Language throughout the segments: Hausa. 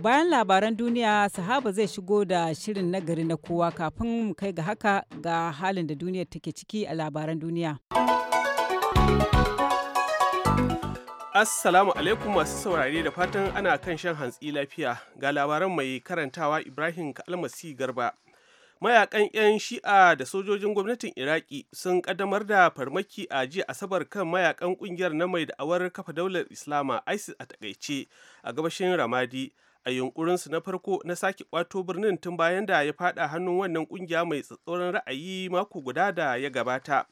Bayan labaran duniya, sahaba zai shigo da shirin nagari na kowa kafin mu kai ga haka ga halin da duniyar take ciki a labaran duniya. Assalamu alaikum masu saurare da fatan ana kan shan hantsi lafiya ga labaran mai karantawa Ibrahim Kalmasi Garba. Mayakan 'yan shi'a da sojojin gwamnatin Iraki sun kaddamar da farmaki a jiya asabar kan mayakan kungiyar na mai da'awar kafa daular Islama ISIS a takaice a gabashin Ramadi a yunkurinsu na farko na sake kwato birnin tun bayan da ya fada hannun wannan kungiya mai tsatsauran ra'ayi mako guda da ya gabata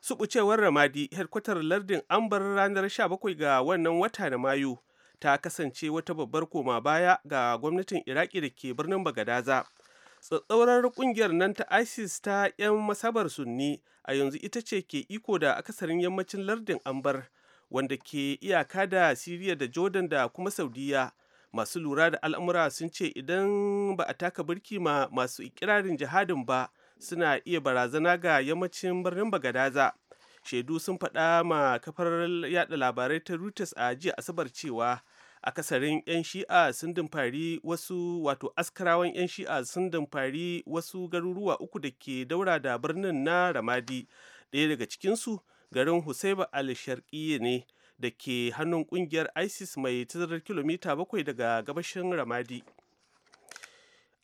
subucewar ramadi hedkwatar lardin ambar ranar 17 ga wannan wata na mayu ta kasance wata babbar koma baya ga gwamnatin iraki da ke birnin bagadaza tsatsauran kungiyar nan ta isis ta 'yan masabar sunni a yanzu ita ce ke iko da akasarin yammacin lardin ambar wanda ke iyaka da siriya da jordan da kuma saudiya masu lura da al'amura sun ce idan ba a taka birki ma masu ikirarin jihadin ba suna iya barazana ga yammacin birnin bagadaza shaidu sun faɗa ma kafar yada labarai ta reuters a jiya asabar cewa akasarin 'yan shi'a sun dumfari wasu wato askarawan 'yan shi'a sun dumfari wasu garuruwa uku da ke daura da birnin na ramadi ɗaya daga cikinsu garin husaiba al ne da ke hannun kungiyar isis mai tazarar kilomita bakwai daga gabashin ramadi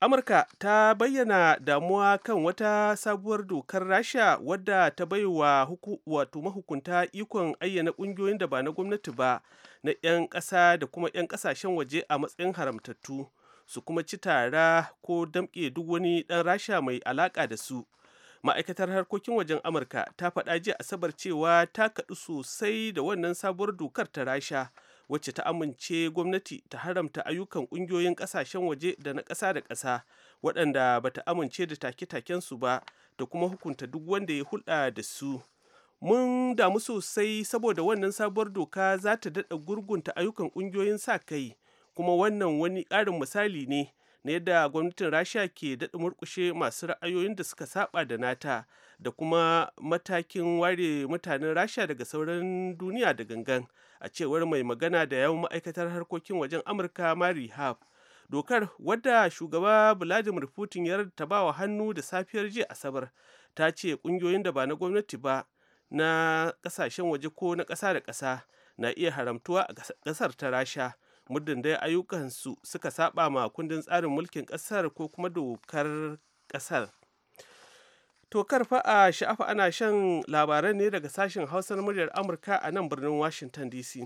amurka ta bayyana damuwa kan wata sabuwar dokar rasha wadda ta bai wa wato mahukunta ikon ayyana kungiyoyin da ba na gwamnati ba na 'yan ƙasa da kuma 'yan ƙasashen waje a matsayin haramtattu su kuma ci tara ko damƙe duk wani ɗan rasha mai alaƙa da su ma'aikatar harkokin wajen amurka ta faɗa jiya asabar cewa ta kaɗu sosai da wannan sabuwar dokar ta rasha wacce ta amince gwamnati ta haramta ayyukan ƙungiyoyin ƙasashen waje da na ƙasa da ƙasa waɗanda ba ta amince da take su ba da kuma hukunta duk wanda ya hulɗa da su mun damu sosai saboda wannan sabuwar doka za ta daɗa gurgunta ayyukan ƙungiyoyin sa kai kuma wannan wani ƙarin misali ne ne da gwamnatin rasha ke daɗa murƙushe masu ra'ayoyin da suka saba da nata da kuma matakin ware mutanen rasha daga sauran duniya da gangan a cewar mai magana da yawon ma'aikatar harkokin wajen amurka mari hab dokar wadda shugaba vladimir putin ya wa hannu da safiyar jiya asabar ta ce kungiyoyin da ba na gwamnati ba na kasashen waje ko na ƙasa da ƙasa na iya haramtuwa a ƙasar ta rasha muddin dai ayyukansu suka saba ma kundin tsarin mulkin ƙasar ko kuma dokar ƙasar to karfa a sha'afa ana shan labaran ne daga sashen hausar muryar amurka a nan birnin washington dc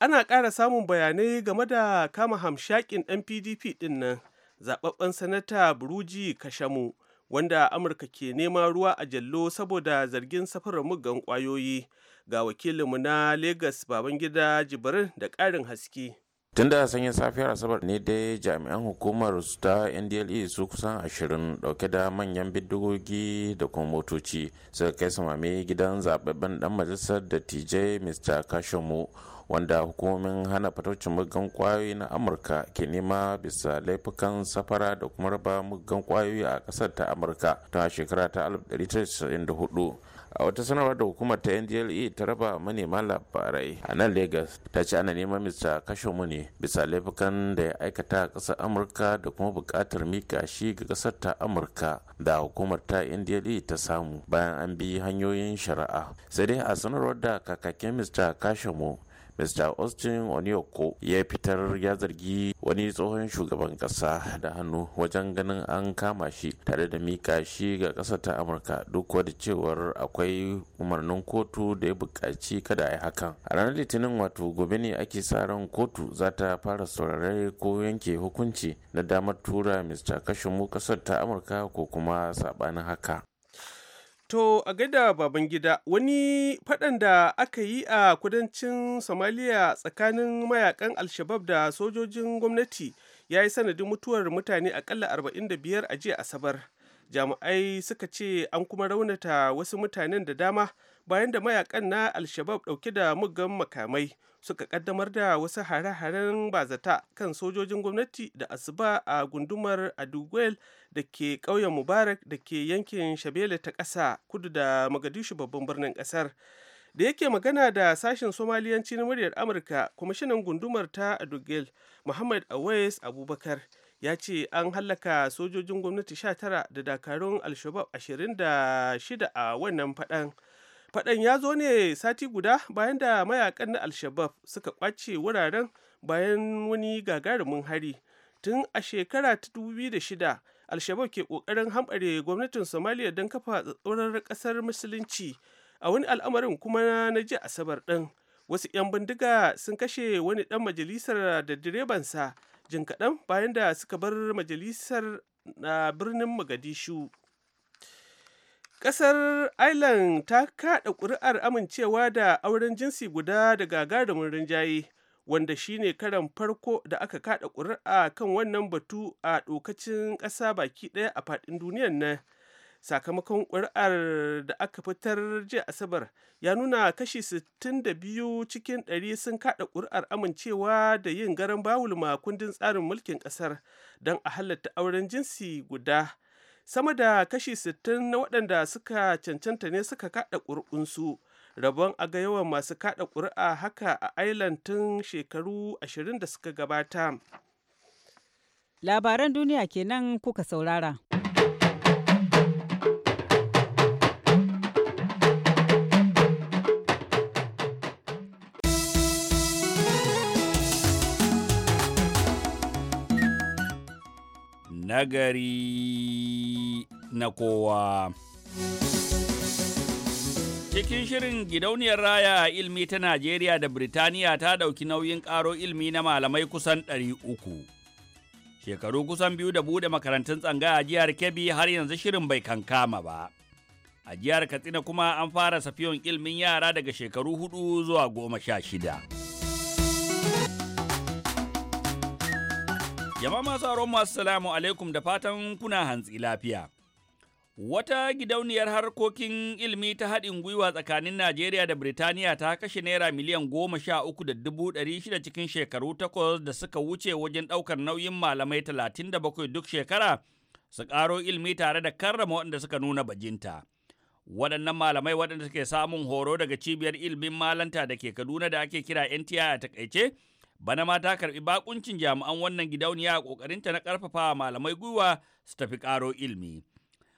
ana ƙara samun bayanai game da kama hamshakin ɗan pdp ɗin nan zaɓaɓɓen sanata buruji kashamu wanda amurka ke nema ruwa a jallo saboda zargin safarar muggan ƙwayoyi ga wakilinmu na Legas Babangida Jibrin da karin haske. tun da sanyin safiyar asabar ne dai jami'an hukumar su ta ndle su kusan ashirin dauke da manyan bidigogi da kuma motoci suka kai mame gidan zababben dan majalisar da tj mr Kashomu wanda hukumomin hana fataucin muggan kwayoyi na amurka ke nema bisa laifukan safara da kuma raba muggan kwayoyi a kasar ta amurka ta shekara ta 1994 a wata sanarwar da hukumar ta ndle ta raba manema labarai a nan lagos ta ce ana neman mr kashomu ne bisa laifukan da ya aikata a ƙasar amurka da kuma buƙatar mika shi ga ƙasar ta amurka da hukumar ta ndle ta samu bayan an bi hanyoyin shari'a sai dai a sanarwar da kakakin mr kashomu mr austin onioko ya fitar ya zargi wani tsohon shugaban kasa da hannu wajen ganin an kama shi tare da mika shi ga ƙasar ta amurka duk wadda cewar akwai umarnin kotu da ya buƙaci kada a yi hakan a ranar litinin wato gobe ne ake sa ran kotu za ta fara saurare ko yanke hukunci na damar tura mr kashimu ƙasar ta amurka ko kuma saɓanin haka To a gaida baban gida wani faɗan da aka yi a kudancin Somalia tsakanin mayakan Alshabab da sojojin gwamnati ya yi sanadin mutuwar mutane akalla 45 a jiya Asabar. Jami'ai suka ce an kuma raunata wasu mutanen da dama bayan da mayakan na Alshabab ɗauke da muggan makamai suka kaddamar da wasu hare-haren bazata kan sojojin gwamnati da asuba a gundumar Adugwel. da ke ƙauyen mubarak da ke yankin shabele ta ƙasa kudu da magadishu babban birnin ƙasar da yake magana da sashen somaliyanci na muryar amurka kwamishinan gundumar ta adugel muhammad awais abubakar ya ce an hallaka sojojin gwamnati 19 da dakarun alshabab 26 a wannan faɗan faɗan ya zo ne sati guda bayan da mayakan na alshabab suka kwace wuraren bayan wani gagarumin hari tun a shekara ta 2006 al ke kokarin hamɓare gwamnatin somaliya don kafa tsatsauran ƙasar musulunci a wani al'amarin kuma na ji asabar ɗin wasu 'yan bindiga sun kashe wani ɗan majalisar da direbansa jin kaɗan bayan da suka bar majalisar na birnin mogadishu ƙasar ireland ta kaɗa ƙuri'ar amincewa da auren jinsi guda da gagarumin rinjaye wanda shine karan farko da aka kada ƙuri'a kan wannan batu a ɗokacin ƙasa baki ɗaya a faɗin duniyar nan sakamakon ƙuri'ar da aka fitar jiya asabar ya nuna kashi 62 cikin 100 sun kada ƙuri'ar amincewa da yin garan bawul ma kundin tsarin mulkin ƙasar don a halatta auren jinsi guda sama da kashi 60 na waɗanda suka cancanta ne suka kada ƙuri'unsu rabon a ga yawan masu kada ƙuri'a haka a Ireland tun shekaru ashirin da suka gabata. Labaran duniya kenan kuka saurara. Nagari na kowa. Cikin shirin gidauniyar raya a ilmi ta Najeriya da Birtaniya ta ɗauki nauyin ƙaro ilmi na malamai kusan ɗari uku. Shekaru kusan biyu da buɗe makarantun tsanga a jihar Kebbi har yanzu shirin bai kankama ba. A jihar Katsina kuma an fara safiyon ilmin yara daga shekaru hudu zuwa goma sha shida. Jama'a masu aron masu salamu alaikum da fatan kuna hantsi lafiya. Wata gidauniyar harkokin ilmi ta haɗin gwiwa tsakanin Najeriya da Birtaniya ta kashe naira miliyan goma sha uku da dubu ɗari shida cikin shekaru takwas da suka wuce wajen ɗaukar nauyin malamai talatin da bakwai duk shekara su ƙaro ilmi tare da karrama waɗanda suka nuna bajinta. Waɗannan malamai waɗanda suke samun horo daga cibiyar ilmin malanta da ke Kaduna da ake kira NTI a takaice, bana ma ta karɓi baƙuncin jami'an wannan gidauniya a ƙoƙarinta na ƙarfafa malamai gwiwa su tafi ƙaro ilmi.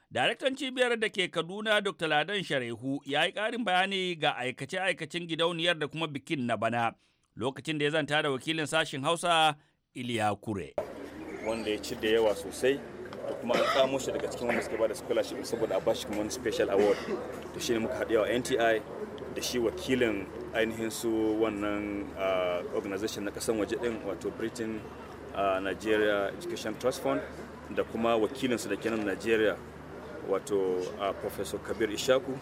Daraktan cibiyar da ke Kaduna Dr. Ladan Sharehu ya yi ƙarin bayani ga aikace-aikacen gidauniyar da kuma bikin na bana lokacin da ya zanta da wakilin sashen Hausa Iliya Kure. Wanda ya ci da yawa sosai da kuma an kamo shi daga cikin wanda suka bada scholarship saboda a bashi kuma wani special award da shi ne muka haɗewa NTI da shi wakilin ainihin su wannan ah, organization na kasan waje din wato Britain ah, Nigeria Education Trust Fund da kuma wakilinsu da kenan Nigeria wato a professor kabir ishaku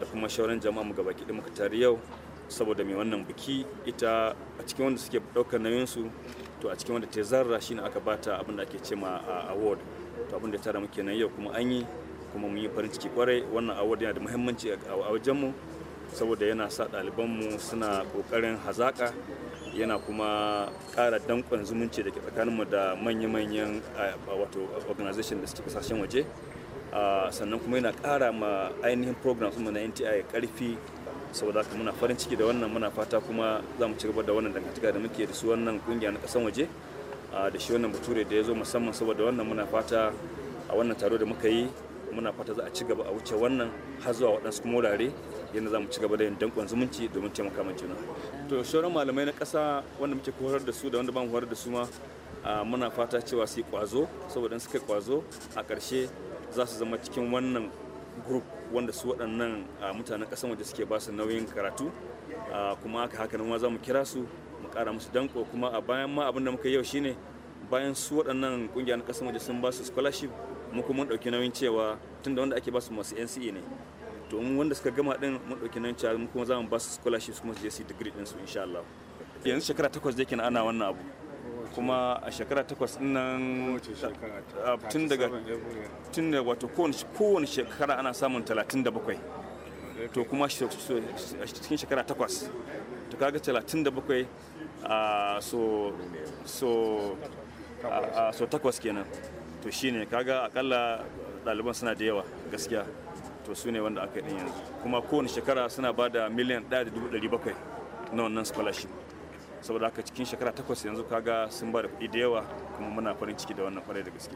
da kuma shauran jama'a mu gabaki da muka tare yau saboda mai wannan biki ita a cikin wanda suke ɗaukar nauyinsu to a cikin wanda ta zarra shine aka bata abin da ake cema award to abin da tara muke nan yau kuma an yi kuma mun yi farin ciki kwarai wannan award yana da muhimmanci a mu saboda yana sa mu suna ƙoƙarin hazaka yana kuma ƙara danƙon zumunci da ke tsakaninmu da manya-manyan wato organization da suke kasashen waje sannan kuma yana ƙara ma ainihin program mu na NTI ƙarfi saboda haka muna farin ciki da wannan muna fata kuma za mu ci gaba da wannan dangantaka da muke da su wannan kungiya na kasan waje da shi wannan bature da ya zo musamman saboda wannan muna fata a wannan taro da muka yi muna fata za a ci gaba a wuce wannan har zuwa waɗansu kuma wurare yadda za mu ci gaba da yin dankon zumunci domin taimaka ma juna to shauran malamai na ƙasa wanda muke horar da su da wanda ba mu horar da su ma muna fata cewa su yi kwazo saboda in suka kwazo a ƙarshe za su zama cikin wannan group wanda su waɗannan mutanen ƙasar waje suke ba su nauyin karatu kuma haka haka ma za mu kira su mu ƙara musu danko kuma a bayan ma abin da muka yau shine bayan su waɗannan na ƙasan waje sun ba su scholarship mu kuma mun ɗauki nauyin cewa tunda wanda ake ba su masu NCE ne to mun wanda suka gama din mun ɗauki nauyin cewa mu kuma za mu ba su scholarship kuma su je su degree din su insha Allah yanzu shekara takwas da ana wannan abu kuma a shekara takwas nan tun daga tun da wato kowane shekara ana samun talatin da bakwai to kuma cikin shekara takwas to kaga talatin da bakwai so so so takwas kenan to shine kaga akalla ɗaliban suna da yawa gaskiya to su ne wanda aka yi yanzu kuma kowane shekara suna ba da miliyan ɗaya da dubu ɗari bakwai na wannan scholarship saboda haka cikin shekara takwas yanzu kaga sun bar kuɗi da yawa kuma muna farin ciki da wannan kwarai da gaske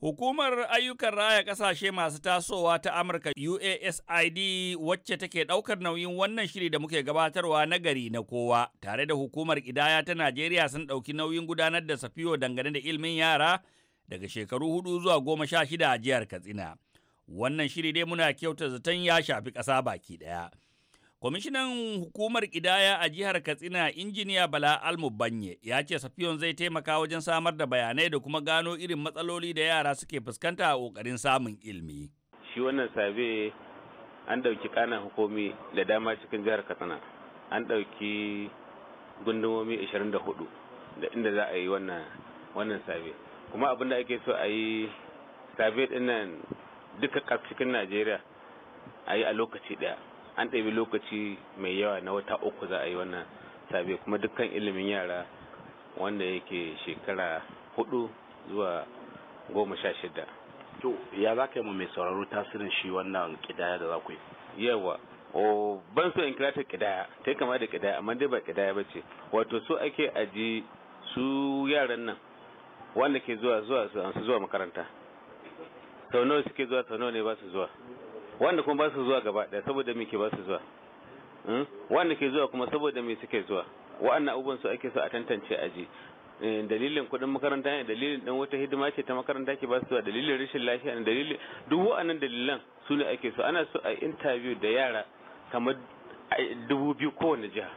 Hukumar ayyukan raya ƙasashe masu tasowa ta Amurka UASID wacce take ɗaukar nauyin wannan shiri da muke gabatarwa na gari na kowa, tare da hukumar ƙidaya ta Najeriya sun ɗauki nauyin gudanar da safiyo dangane da ilimin yara daga shekaru hudu zuwa goma sha shida a jihar Katsina. Wannan shiri dai muna kyauta zaton ya shafi ƙasa baki ɗaya. Kwamishinan hukumar ƙidaya a jihar Katsina injiniya Bala Almubanye ya ce Safiyon zai taimaka wajen samar da bayanai da kuma gano irin matsaloli da yara suke fuskanta a ƙoƙarin samun ilimi. Shi wannan sabe an ɗauki ƙanan hukumi da dama cikin jihar Katsina. An ɗauki gundumomi 24 da inda za a yi wannan wannan sabe. Kuma abin da ake so a yi sabe ɗin nan duka cikin Najeriya a yi a lokaci ɗaya. an ɗabi lokaci mai yawa na wata uku za a yi wannan sabe kuma dukkan ilimin yara wanda yake shekara hudu zuwa goma sha shida to ya za ka yi mai sauraro tasirin shi wannan kidaya da za ku yi yawa o ban so in kira ta kidaya ta kama da kidaya amma dai ba kidaya ba ce wato so ake aji su yaran nan wanda ke zuwa zuwa su zuwa makaranta sau nawa suke zuwa sau nawa ne ba su zuwa wanda kuma ba su zuwa gaba ɗaya saboda me ke ba su zuwa hmm? wanda ke zuwa kuma saboda me suke zuwa wa'annan abubuwan su ake so a tantance a ji eh, dalilin kuɗin makaranta ne dalilin ɗan wata hidima ce ta makaranta ke ba su zuwa dalilin rashin lafiya ne dalilin duk wa'annan dalilan su ne ake so ana so a interview da yara kamar dubu biyu kowane jiha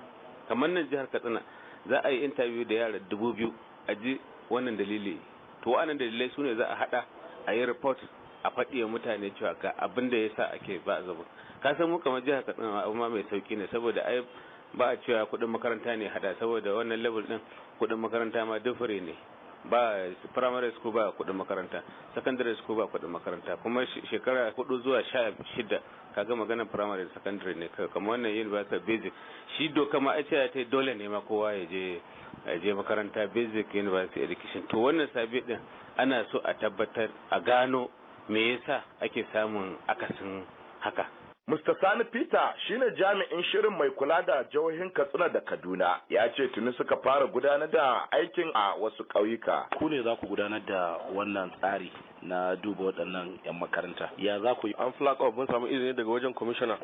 kamar nan jihar katsina za a yi interview da yara dubu biyu a ji wannan dalili to wa'annan dalilai su ne za a haɗa a yi report a faɗi wa mutane cewa ga abin da ya sa ake ba zaba ka san mu kamar jihar katsina abu ma mai sauki ne saboda ai ba a cewa kuɗin makaranta ne hada saboda wannan level ɗin kuɗin makaranta ma dufure ne ba primary school ba kuɗin makaranta secondary school ba kuɗin makaranta kuma shekara hudu zuwa sha shida kaga magana primary da secondary ne kamar wannan universal basic shi doka ma a cewa ta dole ne ma kowa ya je je makaranta basic university education to wannan sabi din ana so a tabbatar a gano me yasa ake samun akasin haka Mr. Sani Peter shine jami'in shirin mai kula da jihohin Katsina da Kaduna ya ce tuni suka fara gudanar da aikin a wasu ƙauyuka. Ku ne za ku gudanar da wannan tsari na duba waɗannan 'yan makaranta ya za ku yi an flag off mun samu izini daga wajen kwamishina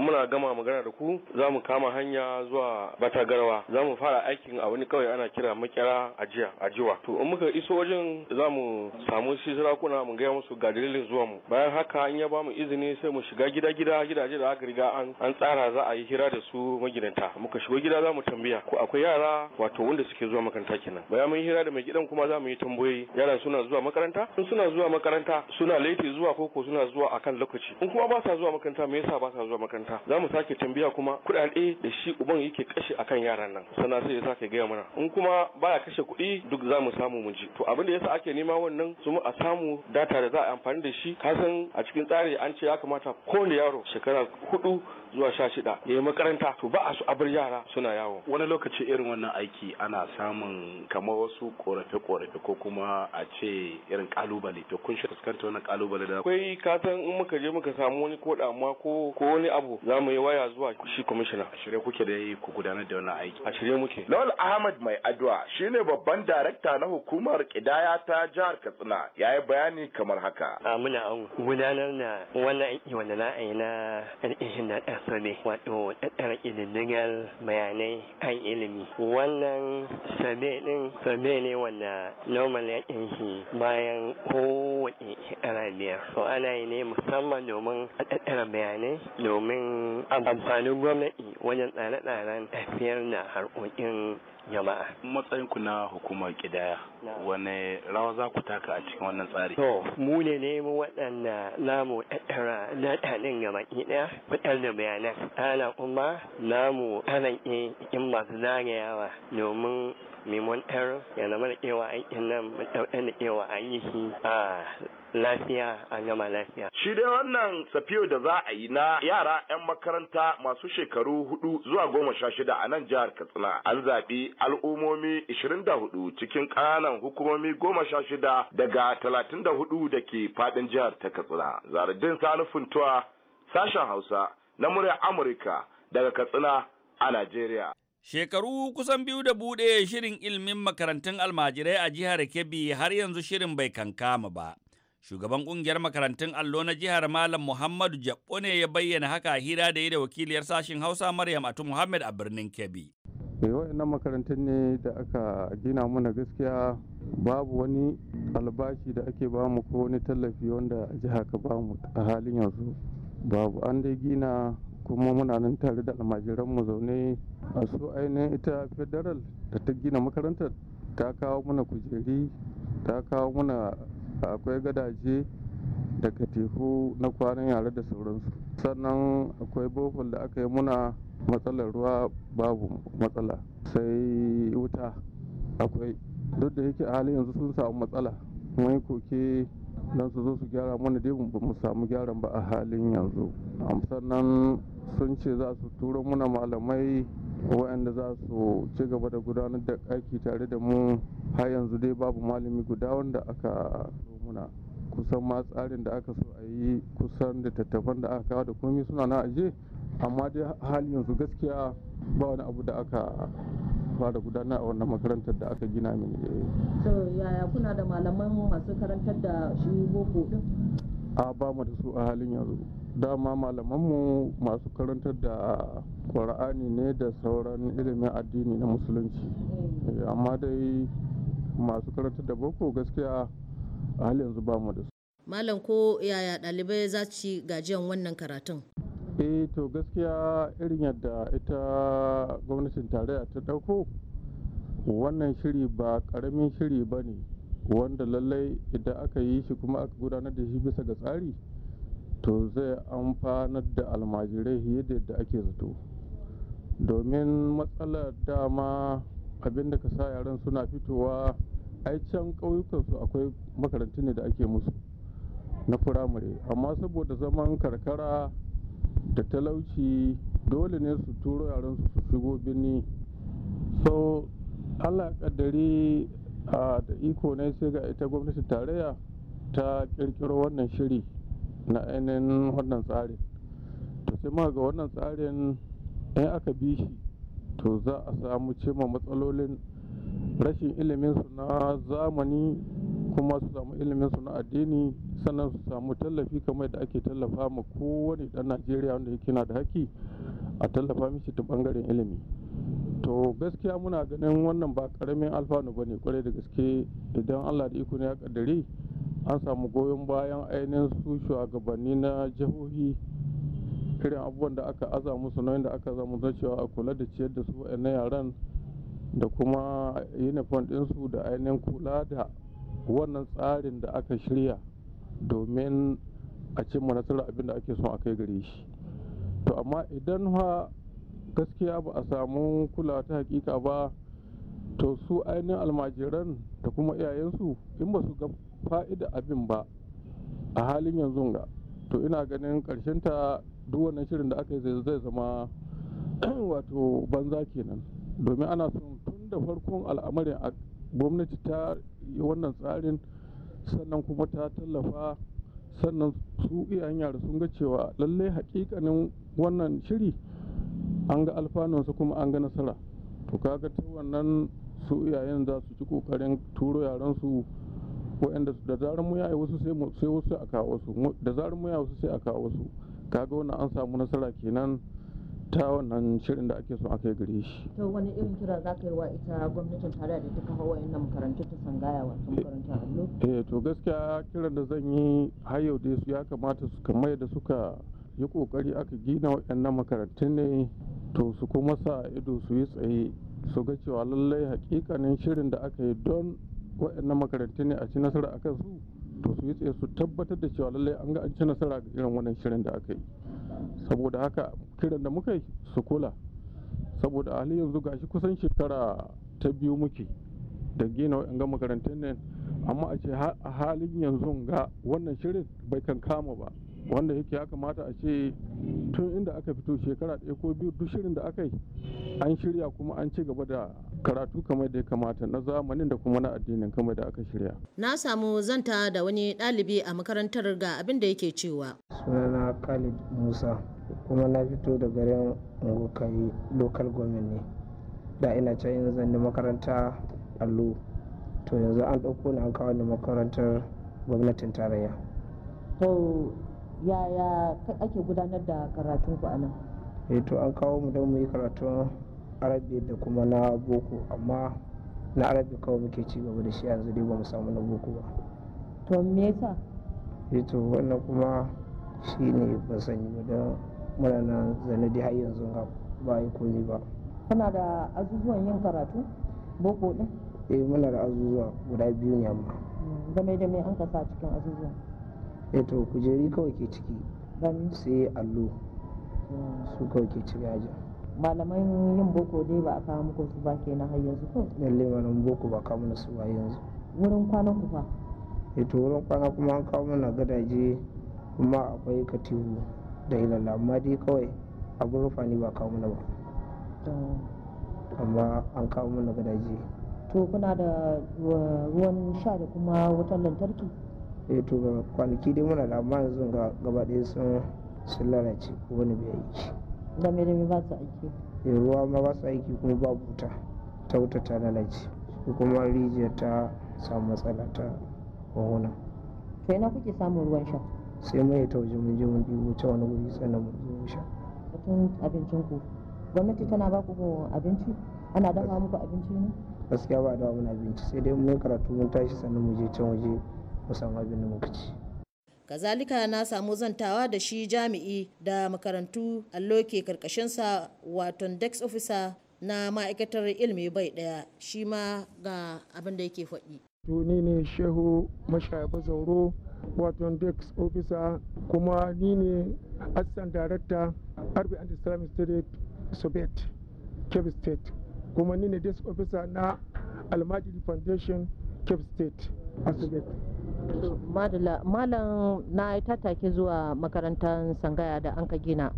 muna gama magana da ku za mu kama hanya zuwa batagarwa za mu fara aikin a wani kawai ana kira makera ajiya ajiwa to in muka iso wajen za mu samu shi sarakuna mu gaya musu ga dalilin zuwa mu bayan haka an ya ba mu izini sai mu shiga gida gida gidaje da aka riga an an tsara za a yi hira da su magidanta muka shigo gida za mu tambaya ko akwai yara wato wanda suke zuwa makaranta kenan bayan mun hira da mai gidan kuma za mu yi tambayoyi Yara suna zuwa makaranta sun suna zuwa makaranta suna laifi zuwa koko suna zuwa akan lokaci in kuma ba sa zuwa makaranta me yasa ba sa zuwa makaranta za mu sake tambaya kuma kuɗaɗe da shi uban yake kashe akan yaran nan sannan sai ya sake gaya mana in kuma baya kashe kuɗi duk za mu samu mu ji to abin da yasa ake nema wannan su mu a samu data da za a amfani da shi Ka san a cikin tsari an ce ya kamata kowane yaro shekara hudu zuwa sha shida ya yi makaranta to ba a su abar yara suna yawo wani lokaci irin wannan aiki ana samun kamar wasu korafe-korafe ko kuma a ce irin kalubale kalubale to kun shi fuskanta wannan kalubale da akwai katon in muka je muka samu wani ko damuwa ko ko wani abu za mu yi waya zuwa shi kwamishina a shirye kuke da yi ku gudanar da wannan aiki a shirye muke lawal ahmad mai addu'a shine babban darakta na hukumar kidaya ta jihar katsina ya yi bayani kamar haka a muna an gudanar da wannan aiki wanda na yi na alƙishin na ɗansa ne wato ɗaɗɗar ƙididdigar bayanai kan ilimi wannan sabe ɗin sabe ne wanda normal ya shi bayan kowace shekara biyar so ana yi ne musamman domin tattara bayanai domin amfanin gwamnati wajen tsare-tsaren tafiyar da harkokin jama'a. matsayin ku na hukumar kidaya wani rawa za ku taka a cikin wannan tsari to mu ne ne mu waɗanda namu tattara data ɗin gaba ɗaya fitar da bayanan ana kuma namu kanan in masu zagayawa domin mimon ɗan zama mana kewa aikin nan mun da kewa an yi shi a lafiya an gama lafiya. Shi dai wannan safiyo da za a yi na yara 'yan makaranta masu shekaru hudu zuwa goma sha shida a nan jihar Katsina an zaɓi al'ummomi ishirin da hudu cikin ƙananan hukumomi goma sha shida daga talatin da hudu da ke faɗin jihar ta Katsina. Zaradin Sanufin Tuwa sashen Hausa na murya Amurka daga Katsina a Najeriya. Shekaru kusan biyu da buɗe shirin ilimin makarantun almajirai a jihar Kebbi har yanzu shirin bai kankama ba. Shugaban ƙungiyar makarantun allo na jihar Malam Muhammadu Jabbo ne ya bayyana haka hira da yi da wakiliyar sashen Hausa Maryam Atu Muhammad a birnin Kebbi. Eh, waɗannan makarantun ne da aka gina mana gaskiya babu wani albashi da ake bamu ko wani tallafi wanda jiha ka bamu a halin yanzu babu an dai gina kuma muna nan tare da mu zaune a su ainihin ita federal da ta gina makarantar ta kawo muna kujeri ta kawo muna akwai gadaje da katifu na kwanan yare da sauransu sannan akwai bohol da aka yi muna matsalar ruwa babu matsala sai wuta akwai duk da yake a halin yanzu sun samu matsala mun koke don su zo su gyara mana dai ba mu samu gyaran ba a halin yanzu sannan sun ce za su turo muna malamai waɗanda za su ci gaba da gudanar da aiki tare da mu har yanzu dai babu malami guda wanda aka muna kusan ma tsarin da aka so a yi kusan da tattafan da aka kawo da komi suna na aje amma dai hali yanzu gaskiya ba wani abu da aka fara gudana a wannan makarantar da aka gina mini yaya kuna da malaman masu karantar da shi boko din a ba mu da su a halin yanzu dama malamanmu masu karantar da ƙura'ani ne da sauran ilimin addini na musulunci eh, amma dai masu karantar da boko gaskiya a yanzu ba mu da su malam ko yaya ɗalibai za ci gajiyan wannan karatun E, to gaskiya irin yadda ita gwamnatin tarayya ta ɗauko wannan shiri ba ƙaramin shiri ba ne wanda lallai idan aka yi shi kuma aka gudanar da shi bisa ga tsari to zai amfanar da almajirai fiye da yadda ake zato domin matsalar dama abinda ka sa yaran suna fitowa ai can ƙauyukansu akwai makarantu ne da ake musu na firamare amma saboda zaman karkara da talauci dole ne su turo yaran su shigo birni so allah kaddari ah, da iko ne sai ga ita gwamnati tarayya ta kirkiro wannan shiri na ainihin wannan tsarin to sai ma ga wannan tsarin in aka bi shi to za a samu cimma matsalolin rashin iliminsu na zamani kuma su samu iliminsu na addini sannan su samu tallafi kamar da ake tallafa ma kowane dan najeriya wanda yake na da hakki a tallafa mishi ta bangaren ilimi to gaskiya muna ganin wannan ba karamin alfanu ba ne kwarai da gaske idan allah da iko ne ya kaddare an samu goyon bayan ainihin su shugabanni na jihohi irin abubuwan da aka aza musu nauyin da aka aza musu cewa a kula da ciyar da su na yaran da kuma uniform ɗinsu da ainihin kula da wannan tsarin da aka shirya domin a cimma nasarar abin da ake son a kai gare shi to amma idan ha gaskiya ba a samu kula ta hakika ba to su ainihin almajiran da kuma iyayensu in ba su fa'ida abin ba a halin yanzu ga to ina ganin karshen ta duk wannan shirin da aka yi zai zama wato banza kenan domin ana son tun da farkon al'amarin a gwamnati ta yi wannan tsarin sannan kuma ta tallafa sannan su iyayen yara sun ga cewa lallai hakikanin wannan shiri an ga alfanunsa kuma an ga nasara to kaga ta wannan su iyayen za su ci kokarin turo yaransu wa'anda da zarar mu yaye wasu sai wasu a kawo wasu da zarar mu yaye wasu sai a kawo wasu kaga wannan an samu nasara kenan ta wannan shirin da ake so aka yi gare shi. To wani irin kira za ka yi wa ita gwamnatin tarayya da ta kawo wayannan makarantu ta sangaya wato makarantar allo? Eh, eh to gaskiya kiran da zan yi har yau dai su ya kamata su kamar da suka yi kokari aka gina wayannan makarantun ne to su kuma sa ido su yi tsaye su ga cewa lallai hakikanin shirin da aka yi don waɗannan makarantu ne a ci nasara a su to su yi tsaye su tabbatar da cewa lallai an ga an ci nasara ga irin wannan shirin da aka yi saboda haka kiran da muka yi su kula saboda a halin yanzu shi kusan shekara ta biyu muke da gina waɗanga makarantun ne amma a ce a halin yanzu ga wannan shirin bai kan kama ba wanda yake ya kamata a ce tun inda aka fito shekara ɗaya ko biyu duk shirin da aka yi an shirya kuma an ci gaba da karatu kamar da ya kamata na zamanin da kuma na addinin kamar da aka shirya. Na samu zanta da wani ɗalibi a makarantar ga abin da yake cewa. Sunana Khalid Musa kuma na fito da garin Ngokari local government ne. Da ina can yin zanni makaranta allo. To yanzu an ɗauko ni an kawo ni makarantar gwamnatin tarayya. To yaya ake gudanar da karatu ku a nan? Eh to an kawo mu don mu yi karatu arabi da kuma na boko amma na arabi kawai muke ci gaba da shi yanzu dai ba mu samu na boko ba to me yasa eh to wannan kuma shi ne ba sani ba da muna nan zane dai har yanzu ga ba yi koyi ba kuna da azuzuwan yin karatu boko din eh muna da azuzuwa guda biyu ne amma hmm, da da mai an kasa cikin azuzuwan eh to kujeri kawai ke ciki sai allo hmm. su kawai ke ciki ajin malaman yin boko dai ba a kawo muku su ba ke har yanzu ko lalle malaman boko ba kawo mana su ba yanzu wurin kwanan ku fa eh to wurin kwana kuma an kawo mana gadaje kuma akwai katibu da ilalla amma dai kawai a gurfa ne ba kawo mana ba amma an kawo mana gadaje to kuna da ruwan sha da kuma wutar lantarki eh to kwanaki dai muna da amma yanzu gaba ɗaya sun lalace wani bai yi da mai mai ba su aiki eh, ruwa ma ba su aiki kuma ba buta ta wuta ta lalace kuma rijiya ta samu matsala ta wahuna to ina kuke samun ruwan sha sai mai ta waje mun je mun ɗibo ta wani guri sannan mun je mun sha batun abincin ku gwamnati tana ba ku abinci ana dafa muku abinci ne gaskiya ba dafa wani abinci sai dai mun karatu mun tashi sannan mu je can waje mu samu abin da muka ci kazalika na samu zantawa da shi jami'i da makarantu allo ke karkashinsa waton dex officer na ma'aikatar ilimi bai daya shi ma ga abin da yake faɗi. ni ne shehu mashaiba zauro wato dex officer kuma ni ne assistant director arbi and islamic state soviet cape state kuma ni ne dex officer na almajiri foundation cape state a soviet malam na yi take zuwa makarantar sangaya da an ka gina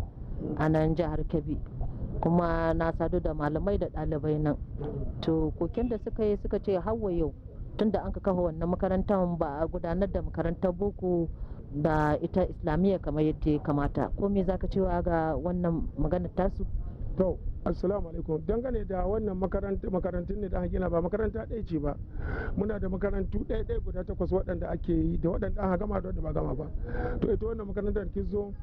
a nan jihar kebbi kuma na sadu da malamai da ɗalibai nan to koken da suka yi suka ce hawa yau tunda an ka kafa wannan makarantar ba a gudanar da makarantar boko da ita islamiyya kamar yadda ya kamata ko me zaka cewa ga wannan magana tasu assalamu alaikum dangane da wannan makarantun ne da hakina ba makaranta ɗaya ce ba muna da makarantu ɗaya ɗaya guda takwas waɗanda ake yi da waɗanda aka gama da waɗanda ba gama ba to ita wannan makarantar ki zo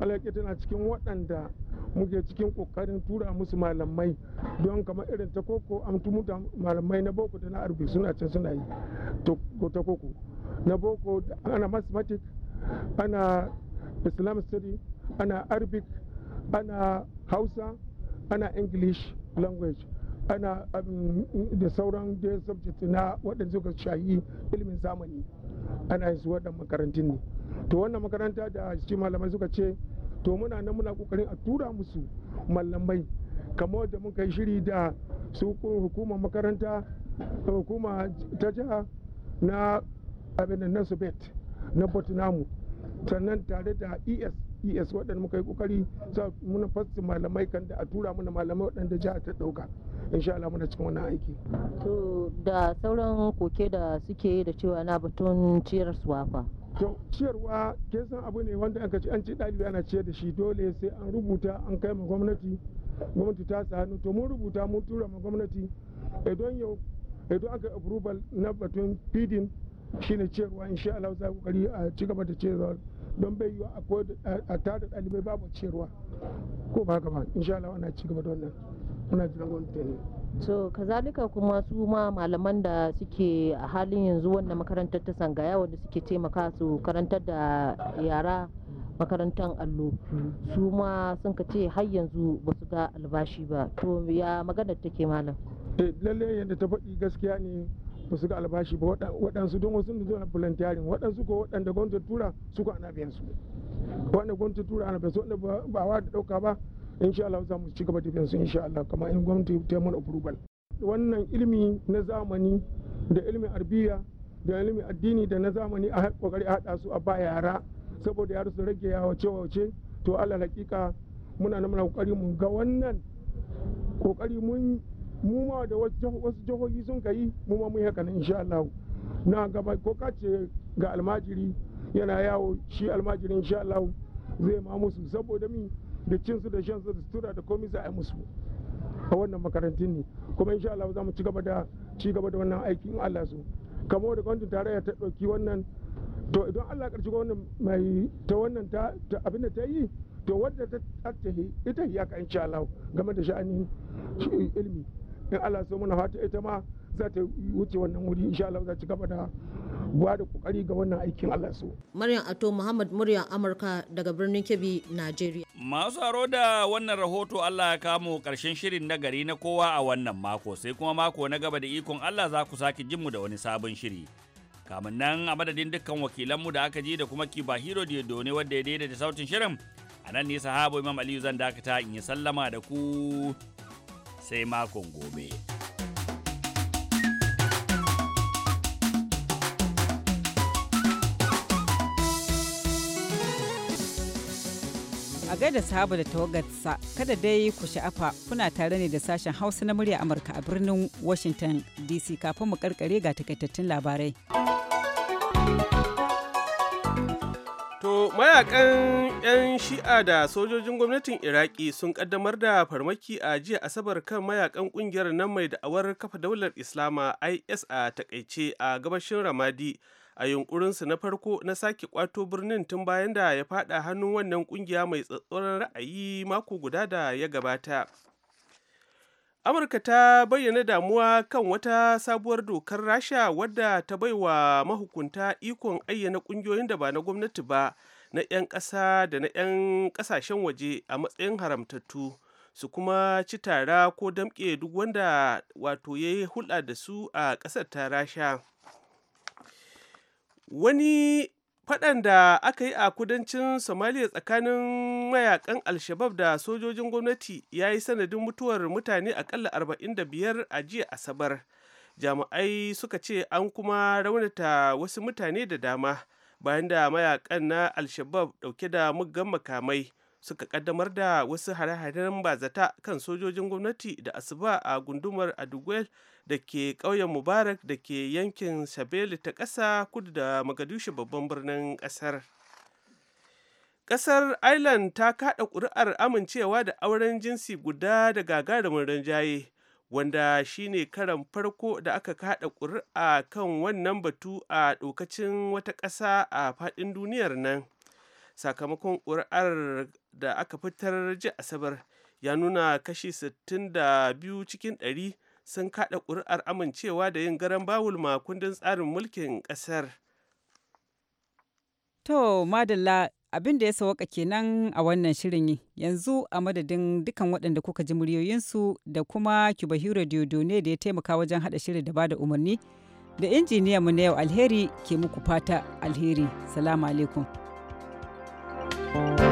alaƙi tana cikin waɗanda muke cikin ƙoƙarin tura musu malamai don kamar irin ta koko an tumuta malamai na boko da na arbi suna can suna yi ta koko na boko ana mathematics ana islamic study ana arabic ana hausa ana english language ana um, da sauran da subject na waɗanda suka shayi ilimin zamani ana yin su waɗannan makarantun ne to wannan makaranta da shi malamai suka ce to muna nan muna kokarin a tura musu malamai kamar da muka yi shiri da su hukumar makaranta hukuma ta jiha na abinan na bet na namu sannan tare da es es waɗanda muka yi kokari za muna fasta malamai kan da a tura muna malamai waɗanda jiha ta ɗauka insha Allah muna cikin wannan aiki to da sauran koke da suke yi da cewa na batun ciyar suwafa to ciyarwa ke san abu ne wanda an ci an ci ɗalibi ana ciyar da shi dole sai an rubuta an kai ma gwamnati gwamnati ta sa hannu to mun rubuta mun tura ma gwamnati idan yau idan aka approval na batun feeding shine ciyarwa insha Allah za ku a ci gaba da ciyarwa don bai yiwa a tada ɗalibai babu ciyarwa ko ba haka in insha Allah ana ci gaba da wannan muna jiran wani to kazalika kuma su ma malaman da suke a halin yanzu wannan makarantar ta sangaya wanda suke taimaka su karantar da yara makarantar allo su ma sun ka ce har yanzu ba su ga albashi ba to ya maganar take malam eh, lallai yadda ta faɗi gaskiya ne ba su ga albashi ba waɗansu don wasu da zuwa volunteering waɗansu ko waɗanda gwamnati tura su ko ana biyan su waɗanda gwamnati tura ana biyan su waɗanda ba wa da ɗauka ba insha Allah za mu ci gaba da biyan su insha Allah kamar in gwamnati ta mana approval wannan ilimi na zamani da ilimin arbiya da ilimin addini da na zamani a kokari a haɗa su a ba yara saboda yara su rage ce wace to Allah hakika muna nan muna kokari mun ga wannan kokari mun mu ma da wasu jihohi sun ka yi mu ma mun haka nan insha Allah na gaba ko ka ce ga almajiri yana yawo shi almajirin insha Allah zai ma musu saboda mi da cin su da shan su da sutura da komai za a yi musu a wannan makarantun ne kuma insha Allah za mu ci gaba da ci gaba da wannan aikin Allah su kamar da gwamnatin tarayya ta ɗauki wannan to idan Allah ga wannan mai ta wannan ta abinda ta yi to wadda ta tattahi ita ya ka insha Allah game da sha'anin ilimi in Allah so muna fata ita ma za ta wuce wannan wuri insha Allah za ta gaba da ba da kokari ga wannan aikin Allah so. Maryam Ato Muhammad muryar Amurka daga birnin Kebbi, Najeriya. Masu aro da wannan rahoto Allah ya kamo karshen shirin na gari na kowa a wannan mako sai kuma mako na gaba da ikon Allah za ku sake jinmu da wani sabon shiri. kamun nan a madadin dukkan wakilanmu da aka ji da kuma Kiba da Diodo ne wanda ya daidaita sautin shirin. A nan ne sahabo Imam Aliyu zan dakata in yi sallama da ku sai makon gobe. a gaida sabu da tawagarsa kada dai ku sha'afa kuna tare ne da sashen hausa na murya amurka a birnin washington dc kafin mu karkare ga takaitattun labarai mayakan 'yan shi'a da sojojin gwamnatin Iraki sun kaddamar da farmaki a jiya Asabar kan mayakan kungiyar nan mai da'awar kafa daular Islama IS a takaice a gabashin Ramadi a yunkurinsu na farko na sake kwato birnin tun bayan da ya fada hannun wannan kungiya mai tsatsoron ra'ayi mako guda da ya gabata. amurka ta bayyana damuwa kan wata sabuwar dokar rasha wadda ta baiwa mahukunta ikon ayyana kungiyoyin da ba na gwamnati ba na 'yan ƙasa da na 'yan ƙasashen waje a matsayin haramtattu su kuma ci tara ko damƙe duk wanda wato ya yi hulɗa da su a ƙasar ta rasha wani faɗan da aka yi a kudancin somaliya tsakanin mayakan alshabab da sojojin gwamnati ya yi sanadin mutuwar mutane akalla 45 a jiya asabar jami'ai suka ce an kuma raunata wasu mutane da dama bayan da mayakan na al-shabab dauke da muggan makamai suka kaddamar da wasu hare-haren bazata kan sojojin gwamnati da asuba a gundumar aduguel da ke ƙauyen mubarak da ke yankin shabeli ta ƙasa kudu da magadushi babban birnin ƙasar ƙasar ireland ta kaɗa ƙuri'ar amincewa da auren jinsi guda da gagarumin rinjaye wanda shi ne karan farko da aka kada ƙuri'a kan wannan batu a ɗokacin wata ƙasa a faɗin duniyar nan sakamakon ƙuri'ar da aka fitar ji asabar ya nuna kashi 62 cikin 100 sun kada ƙuri'ar amincewa da yin garan bawul makundin kundin tsarin mulkin ƙasar to madalla abin da ya sauka kenan a wannan shirin yanzu a madadin dukan waɗanda kuka ji muryoyinsu da kuma kibahiro ne da ya taimaka wajen haɗa shirin da ba da umarni da mu na yau alheri ke muku fata alheri salamu alaikum thank you